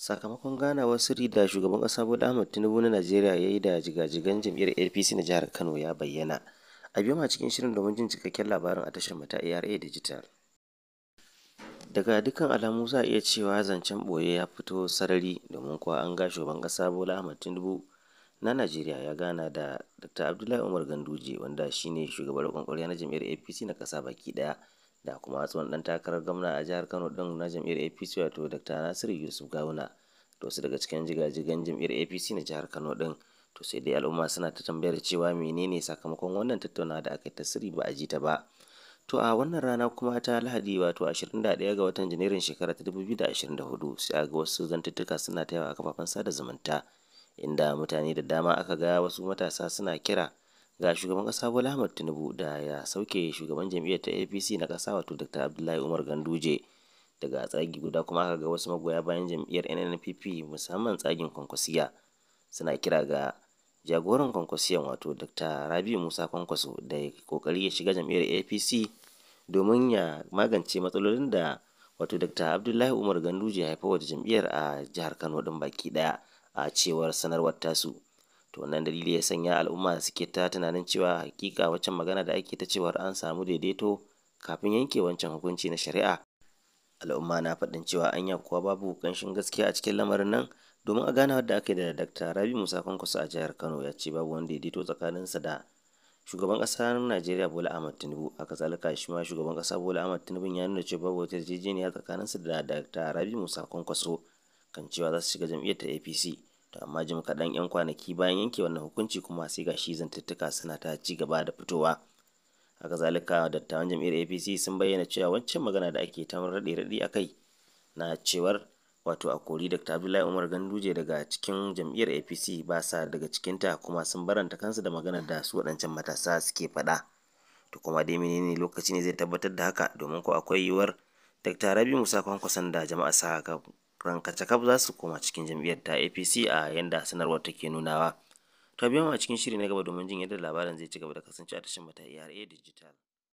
Sakamakon ganawar sirri da Shugaban kasa Bola ahmad Tinubu na Najeriya ya yi da jigajigan jam'iyyar APC na jihar Kano ya bayyana. A biyu ma cikin shirin domin jin cikakken labarin a tashar mata ARA Digital. Daga dukkan alamu za a iya cewa zancen boye ya fito sarari domin kuwa an ga shugaban kasa Bola ahmad Tinubu na Najeriya ya gana da Dr. Abdullahi Umar Ganduje wanda shine shugaban kwankwariya na jam'iyyar APC na kasa baki ɗaya. da kuma tsohon dan takarar gwamna a jihar Kano din na jam'iyyar APC wato Dr. Nasiru Yusuf Gawuna da wasu daga cikin jigajigan jam'iyyar APC na jihar Kano din to sai dai al'umma suna ta tambayar cewa menene sakamakon wannan tattaunawa da aka yi tasiri ba a ji ta ba to a wannan rana kuma ta Lahadi wato 21 ga watan Janairun shekara ta 2024 sai ga wasu zantuttuka suna ta yawa a kafafen sada zumunta inda mutane da dama aka ga wasu matasa suna kira ga shugaban kasa Bola Ahmed Tinubu da ya sauke shugaban jam'iyyar ta APC na kasa wato Dr. Abdullahi Umar Ganduje daga tsagi guda kuma aka ga wasu magoya bayan jam'iyyar NNPP musamman tsagin Kwankwasiya suna kira ga jagoran Kwankwasiyan wato Dr. Rabi Musa Kwankwaso da ya kokari ya shiga jam'iyyar APC domin ya magance matsalolin da wato Dr. Abdullahi Umar Ganduje ya haifa wata jam'iyyar a jihar Kano din baki daya a cewar sanarwar tasu. to wannan dalili ya sanya al'umma suke ta tunanin cewa hakika waccan magana da ake ta cewa an samu daidaito kafin yanke wancan hukunci na shari'a al'umma na faɗin cewa anya kuwa babu ƙanshin gaskiya a cikin lamarin nan domin a gane wadda aka yi da Dr. rabi musa kwankwaso a jihar kano ya ce babu wani daidaito tsakaninsa da shugaban ƙasa na najeriya bola ahmad tinubu a kazalika shi ma shugaban kasa bola ahmad tinubu ya nuna cewa babu wata yarjejeniya tsakaninsa da dr. rabi musa kwankwaso kan cewa za su shiga jam'iyyar ta apc To amma jim kaɗan 'yan kwanaki bayan yanke wannan hukunci kuma sai ga shi zantattuka suna ta ci gaba da fitowa. Haka zalika dattawan jam'iyyar APC sun bayyana cewa wancan magana da ake ta raɗe-raɗe a kai na cewar wato a kori Dr. Abdullahi Umar Ganduje daga cikin jam'iyyar APC ba sa daga ta kuma sun baranta kansu da magana da su waɗancan matasa suke faɗa. To kuma dai menene lokaci ne zai tabbatar da haka domin ko akwai yiwuwar Dr. Rabi Musa Kwankwason da jama'a sa rankacakaf za su koma cikin jam'iyyar ta apc a yanda sanarwar take nunawa to biyan a cikin shiri na gaba domin jin yadda labarin zai ci gaba da kasance a tashin mata era digital